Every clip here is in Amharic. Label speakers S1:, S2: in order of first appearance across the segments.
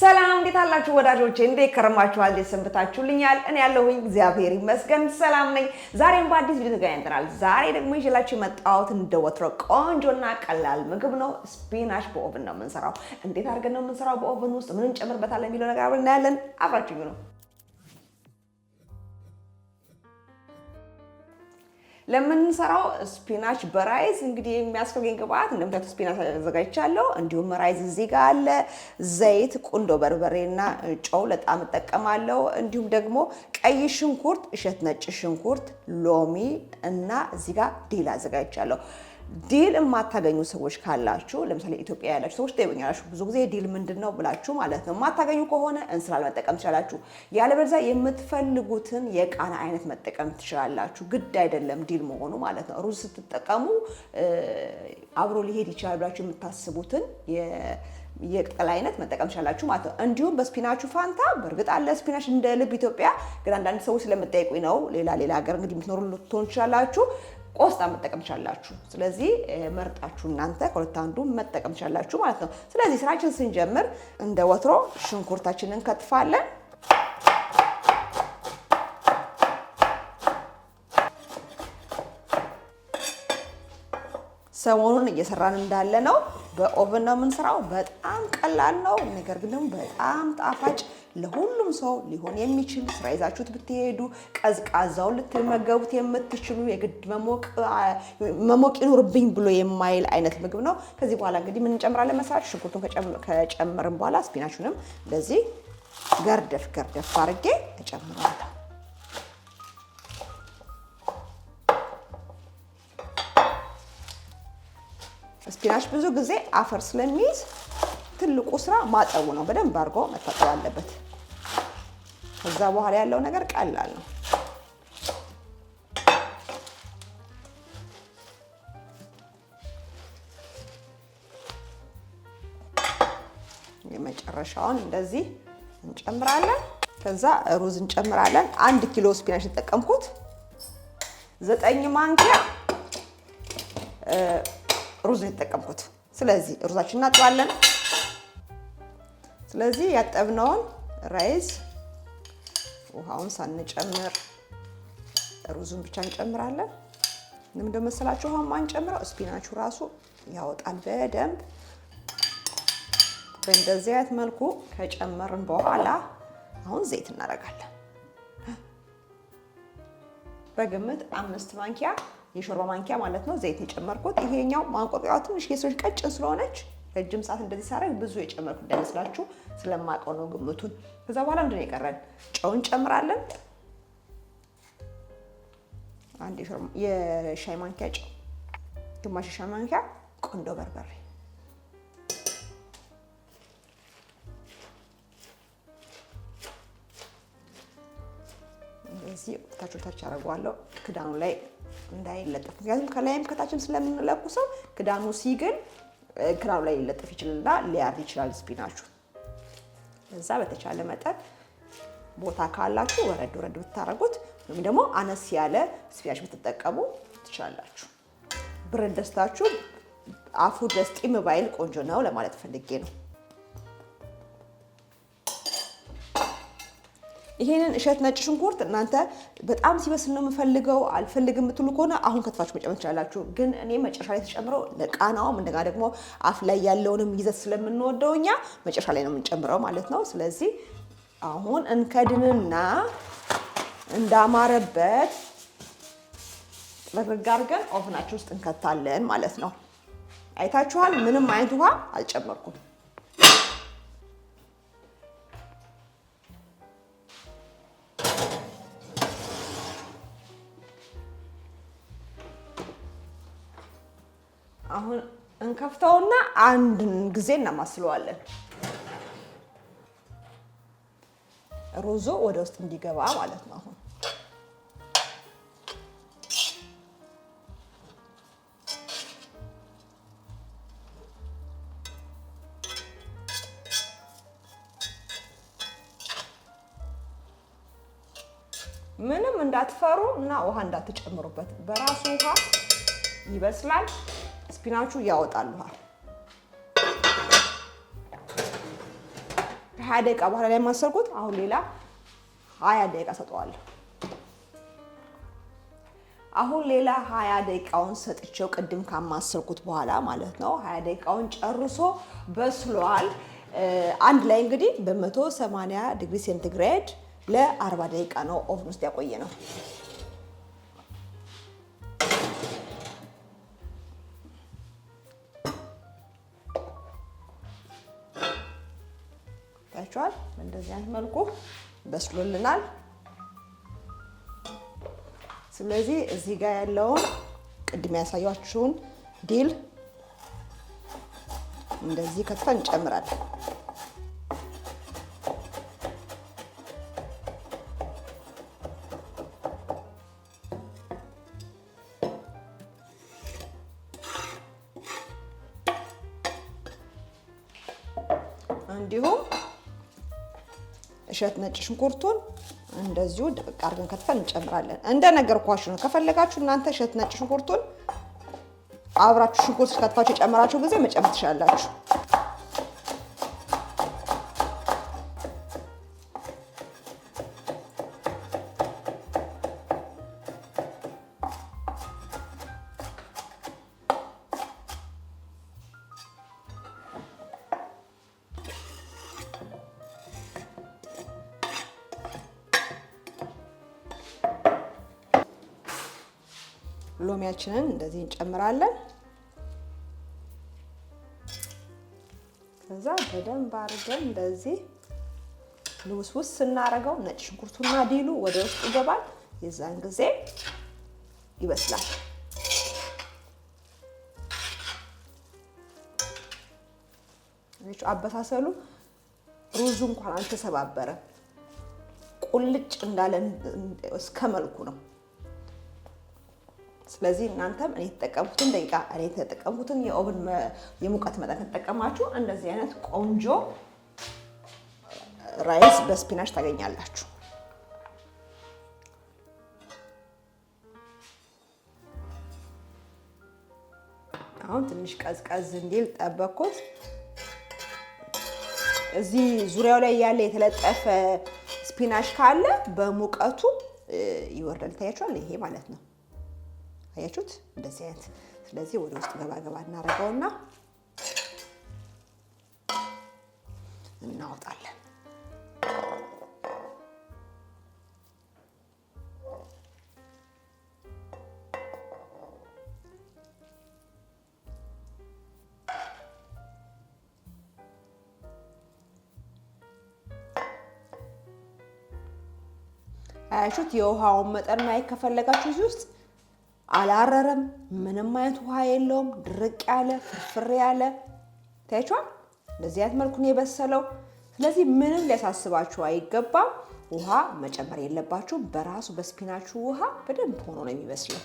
S1: ሰላም እንዴት አላችሁ ወዳጆቼ? እንዴት ከርማችኋል? እንዴት ሰንብታችሁልኛል? እኔ ያለሁኝ እግዚአብሔር ይመስገን ሰላም ነኝ። ዛሬም በአዲስ ቪዲዮ ተገናኝተናል። ዛሬ ደግሞ ይዤላችሁ የመጣሁት እንደወትሮ ቆንጆና ቀላል ምግብ ነው። ስፒናሽ በኦቭን ነው የምንሰራው። እንዴት አድርገን ነው የምንሰራው? በኦቭን ውስጥ ምን እንጨምርበታለን የሚለው ነገር አብረን እናያለን። አብራችሁ ነው ለምንሰራው ስፒናች በራይዝ እንግዲህ የሚያስፈልገኝ ግብአት እንደምታዩት ስፒናች አዘጋጅቻለሁ። እንዲሁም ራይዝ እዚህ ጋር አለ። ዘይት፣ ቁንዶ በርበሬና ጨው ለጣም እጠቀማለሁ። እንዲሁም ደግሞ ቀይ ሽንኩርት፣ እሸት ነጭ ሽንኩርት፣ ሎሚ እና እዚህ ጋር ዲል አዘጋጅቻለሁ። ዲል የማታገኙ ሰዎች ካላችሁ ለምሳሌ ኢትዮጵያ ያላችሁ ሰዎች ጠይቁኛላችሁ ብዙ ጊዜ ዲል ምንድን ነው ብላችሁ ማለት ነው። የማታገኙ ከሆነ እንስላል መጠቀም ትችላላችሁ። ያለበለዚያ የምትፈልጉትን የቃና አይነት መጠቀም ትችላላችሁ። ግድ አይደለም ዲል መሆኑ ማለት ነው። ሩዝ ስትጠቀሙ አብሮ ሊሄድ ይችላል ብላችሁ የምታስቡትን የቅጠል አይነት መጠቀም ትችላላችሁ ማለት ነው። እንዲሁም በስፒናቹ ፋንታ በእርግጥ አለ ስፒናች እንደ ልብ ኢትዮጵያ ግን አንዳንድ ሰዎች ስለምጠይቁኝ ነው። ሌላ ሌላ ሀገር እንግዲህ የምትኖሩ ልትሆን ትችላላችሁ። ቆስጣ መጠቀም ትችላላችሁ። ስለዚህ መርጣችሁ እናንተ ከሁለት አንዱ መጠቀም ትችላላችሁ ማለት ነው። ስለዚህ ስራችን ስንጀምር እንደ ወትሮ ሽንኩርታችንን እንከትፋለን። ሰሞኑን እየሰራን እንዳለ ነው። በኦቨን ነው የምንሰራው። በጣም ቀላል ነው፣ ነገር ግን በጣም ጣፋጭ ለሁሉም ሰው ሊሆን የሚችል ስራ ይዛችሁት ብትሄዱ ቀዝቃዛውን ልትመገቡት የምትችሉ የግድ መሞቅ ይኖርብኝ ብሎ የማይል አይነት ምግብ ነው። ከዚህ በኋላ እንግዲህ ምን እንጨምራለን መሰላችሁ? ሽንኩርቱን ከጨመርን በኋላ ስፒናችሁንም እንደዚህ ገርደፍ ገርደፍ አድርጌ እጨምራለሁ። ስፒናች ብዙ ጊዜ አፈር ስለሚይዝ ትልቁ ስራ ማጠቡ ነው። በደንብ አድርጎ መታጠብ አለበት። ከዛ በኋላ ያለው ነገር ቀላል ነው። የመጨረሻውን እንደዚህ እንጨምራለን። ከዛ ሩዝ እንጨምራለን። አንድ ኪሎ ስፒናሽ የተጠቀምኩት ዘጠኝ ማንኪያ ሩዝ ነው የተጠቀምኩት። ስለዚህ ሩዛችን እናጥባለን። ስለዚህ ያጠብነውን ራይዝ ውሃውን ሳንጨምር ሩዙን ብቻ እንጨምራለን። ምንም እንደመሰላችሁ ውሃውን ማንጨምረው ስፒናቹ ራሱ ያወጣል በደንብ። በእንደዚህ አይነት መልኩ ከጨመርን በኋላ አሁን ዘይት እናደርጋለን። በግምት አምስት ማንኪያ የሾርባ ማንኪያ ማለት ነው ዘይት የጨመርኩት። ይሄኛው ማንቆርቆያው ትንሽ የሰዎች ቀጭን ስለሆነች ረጅም ሰዓት እንደዚህ ሳረግ ብዙ የጨመርኩ እንዳይመስላችሁ ስለማውቀው ነው ግምቱን። ከዛ በኋላ ምንድን ነው የቀረን? ጨውን ጨምራለን። አንድ የሻይ ማንኪያ ጨው፣ ግማሽ የሻይ ማንኪያ ቆንዶ በርበሬ እዚህ ታች ታች አደርገዋለሁ ክዳኑ ላይ እንዳይለጠፍ፣ ምክንያቱም ከላይም ከታችም ስለምንለኩ ሰው ክዳኑ ሲግል ክራው ላይ ሊለጠፍ ይችላልና ሊያር ይችላል ስፒናቹ። እዛ በተቻለ መጠን ቦታ ካላችሁ ወረድ ወረድ ብታረጉት ወይም ደግሞ አነስ ያለ ስፒናች ብትጠቀሙ ትችላላችሁ። ብረት ደስታችሁ አፉ ደስ ጢም ባይል ቆንጆ ነው ለማለት ፈልጌ ነው። ይሄንን እሸት ነጭ ሽንኩርት እናንተ በጣም ሲበስል ነው የምፈልገው አልፈልግም የምትሉ ከሆነ አሁን ከትፋችሁ መጨመር ትችላላችሁ። ግን እኔ መጨረሻ ላይ ተጨምረው ለቃናውም እንደገና ደግሞ አፍ ላይ ያለውንም ይዘት ስለምንወደው እኛ መጨረሻ ላይ ነው የምንጨምረው ማለት ነው። ስለዚህ አሁን እንከድንና እንዳማረበት ጥርግ አድርገን ኦቨናችን ውስጥ እንከታለን ማለት ነው። አይታችኋል፣ ምንም አይነት ውሃ አልጨመርኩም። አንድ ጊዜ እናማስለዋለን። ሩዙ ወደ ውስጥ እንዲገባ ማለት ነው። አሁን ምንም እንዳትፈሩ እና ውሃ እንዳትጨምሩበት፣ በራሱ ውሃ ይበስላል። ስፒናቹ ያወጣል ውሃ ከሀያ ደቂቃ በኋላ ላይ የማሰርኩት አሁን ሌላ ሀያ ደቂቃ ሰጠዋል። አሁን ሌላ ሀያ ደቂቃውን ሰጥቼው ቅድም ካማሰርኩት በኋላ ማለት ነው ሀያ ደቂቃውን ጨርሶ በስሏል። አንድ ላይ እንግዲህ በ180 ዲግሪ ሴንቲግሬድ ለ40 ደቂቃ ነው ኦቭን ውስጥ ያቆየ ነው። አይታችኋል። እንደዚህ አይነት መልኩ በስሎልናል። ስለዚህ እዚህ ጋር ያለውን ቅድም ያሳያችሁን ዲል እንደዚህ ከትፈን እንጨምራለን። እንዲሁም እሸት ነጭ ሽንኩርቱን እንደዚሁ ደቅ አድርገን ከትፈን እንጨምራለን። እንደ እንደነገርኳችሁ ነው። ከፈለጋችሁ እናንተ እሸት ነጭ ሽንኩርቱን አብራችሁ ሽንኩርት ከትፋችሁ የጨመራችሁ ጊዜ መጨመር ትችላላችሁ። ሎሚያችንን እንደዚህ እንጨምራለን። ከዛ በደንብ አድርገን እንደዚህ ልውስውስ ስናደርገው ነጭ ሽንኩርቱና ዲሉ ወደ ውስጥ ይገባል። የዛን ጊዜ ይበስላል። አበሳሰሉ ሩዙ እንኳን አልተሰባበረም፣ ቁልጭ እንዳለ እስከ መልኩ ነው። ስለዚህ እናንተም እኔ የተጠቀምኩትን ደቂቃ እኔ የተጠቀምኩትን የኦቭን የሙቀት መጠን ተጠቀማችሁ እንደዚህ አይነት ቆንጆ ራይስ በስፒናች ታገኛላችሁ። አሁን ትንሽ ቀዝቀዝ እንዲል ጠበኩት። እዚህ ዙሪያው ላይ ያለ የተለጠፈ ስፒናች ካለ በሙቀቱ ይወርዳል። ታያችኋል፣ ይሄ ማለት ነው። አያችሁት? እንደዚህ አይነት። ስለዚህ ወደ ውስጥ ገባ ገባ እናደርገውና እናወጣለን። አያችሁት? የውሃውን መጠን ማየት ከፈለጋችሁ እዚህ ውስጥ አላረረም። ምንም አይነት ውሃ የለውም። ድርቅ ያለ ፍርፍር ያለ ታያችኋል። እንደዚህ አይነት መልኩ ነው የበሰለው። ስለዚህ ምንም ሊያሳስባችሁ አይገባም። ውሃ መጨመር የለባችሁ። በራሱ በስፒናችሁ ውሃ በደንብ ሆኖ ነው የሚበስለው።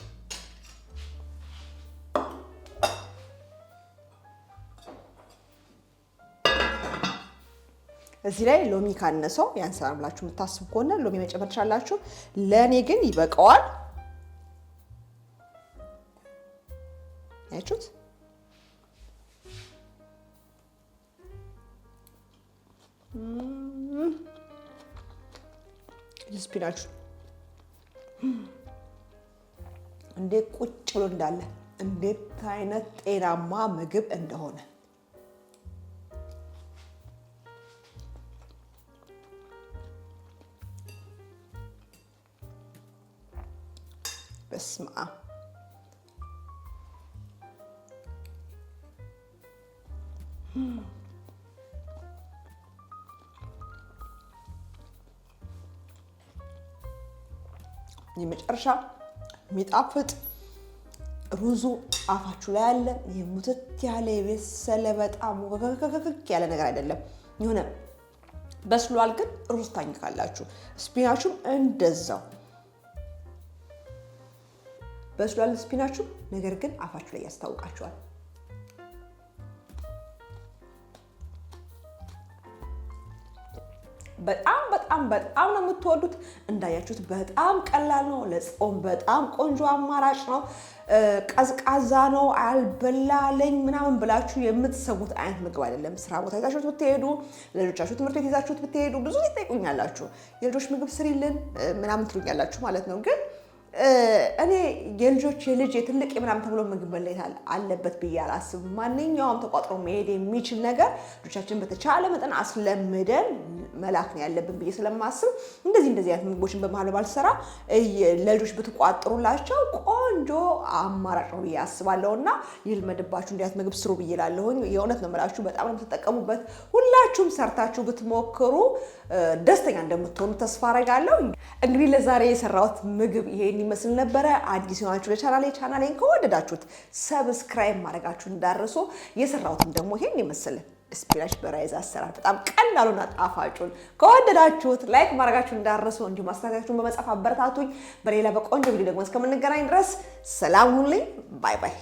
S1: እዚህ ላይ ሎሚ ካነሰው ያንሰናል ብላችሁ የምታስቡ ከሆነ ሎሚ መጨመር ትችላላችሁ። ለእኔ ግን ይበቃዋል። አያችሁት? ስፒናቹ እንዴት ቁጭ ብሎ እንዳለ እንዴት አይነት ጤናማ ምግብ እንደሆነ በስመ አብ የመጨረሻ የሚጣፍጥ ሩዙ አፋችሁ ላይ አለ። ይህ ሙትት ያለ የበሰለ በጣም ወከከከክ ያለ ነገር አይደለም። የሆነ በስሏል፣ ግን ሩዝ ታኝካላችሁ። ስፒናቹም እንደዛው በስሏል ስፒናችሁ፣ ነገር ግን አፋችሁ ላይ ያስታውቃችኋል። በጣም በጣም በጣም ነው የምትወዱት። እንዳያችሁት በጣም ቀላል ነው። ለጾም በጣም ቆንጆ አማራጭ ነው። ቀዝቃዛ ነው። አልበላለኝ ምናምን ብላችሁ የምትሰሙት አይነት ምግብ አይደለም። ስራ ቦታ ይዛችሁት ብትሄዱ፣ ለልጆቻችሁ ትምህርት ቤት ይዛችሁት ብትሄዱ ብዙ ትጠይቁኛላችሁ። የልጆች ምግብ ስሪልን ምናምን ትሉኛላችሁ ማለት ነው ግን እኔ የልጆች የልጅ የትልቅ የምናምን ተብሎ ምግብ መለየት አለበት ብዬ አላስብም። ማንኛውም ተቋጥሮ መሄድ የሚችል ነገር ልጆቻችን በተቻለ መጠን አስለምደን መላክ ነው ያለብን ብዬ ስለማስብ እንደዚህ እንደዚህ አይነት ምግቦችን በመሀል ባልሰራ ለልጆች ብትቋጥሩላቸው ቆንጆ አማራጭ ነው ብዬ አስባለሁ እና ይልመድባችሁ። እንዲያት ምግብ ስሩ ብዬ እላለሁኝ። የእውነት ነው የምላችሁ፣ በጣም ነው የምትጠቀሙበት። ሁላችሁም ሰርታችሁ ብትሞክሩ ደስተኛ እንደምትሆኑ ተስፋ አረጋለሁ። እንግዲህ ለዛሬ የሰራሁት ምግብ ይሄን ይመስል ነበረ። አዲስ የሆናችሁ ለቻናሌ ቻናሌን ከወደዳችሁት ሰብስክራይብ ማድረጋችሁ እንዳረሱ፣ የሰራሁትም ደግሞ ይሄን ይመስል ስፒናች በራይዝ አሰራር በጣም ቀላሉና ጣፋጩን ከወደዳችሁት ላይክ ማድረጋችሁ እንዳረሱ እንዲሁም አስተያየታችሁን በመጻፍ አበረታቱኝ። በሌላ በቆንጆ ቪዲዮ ደግሞ እስከምንገናኝ ድረስ ሰላም ሁኑልኝ። ባይ ባይ።